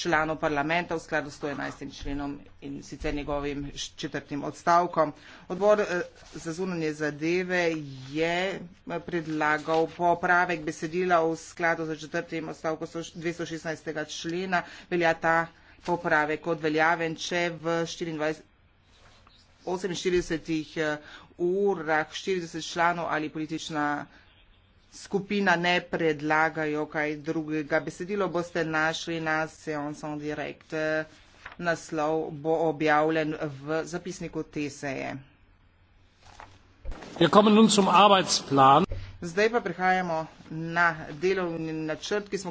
članov parlamenta v skladu s 111. členom in sicer njegovim četrtim odstavkom. Odbor eh, za zunanje zadeve je eh, predlagal popravek besedila v skladu za četrtim odstavkom 216. člena. Velja ta popravek kot veljaven, če v 24, 48 eh, urah 40 članov ali politična skupina ne predlagajo kaj drugega. Besedilo boste našli na Seonson Direct. Naslov bo objavljen v zapisniku te seje. Zdaj pa prehajamo na delovni načrt, ki smo.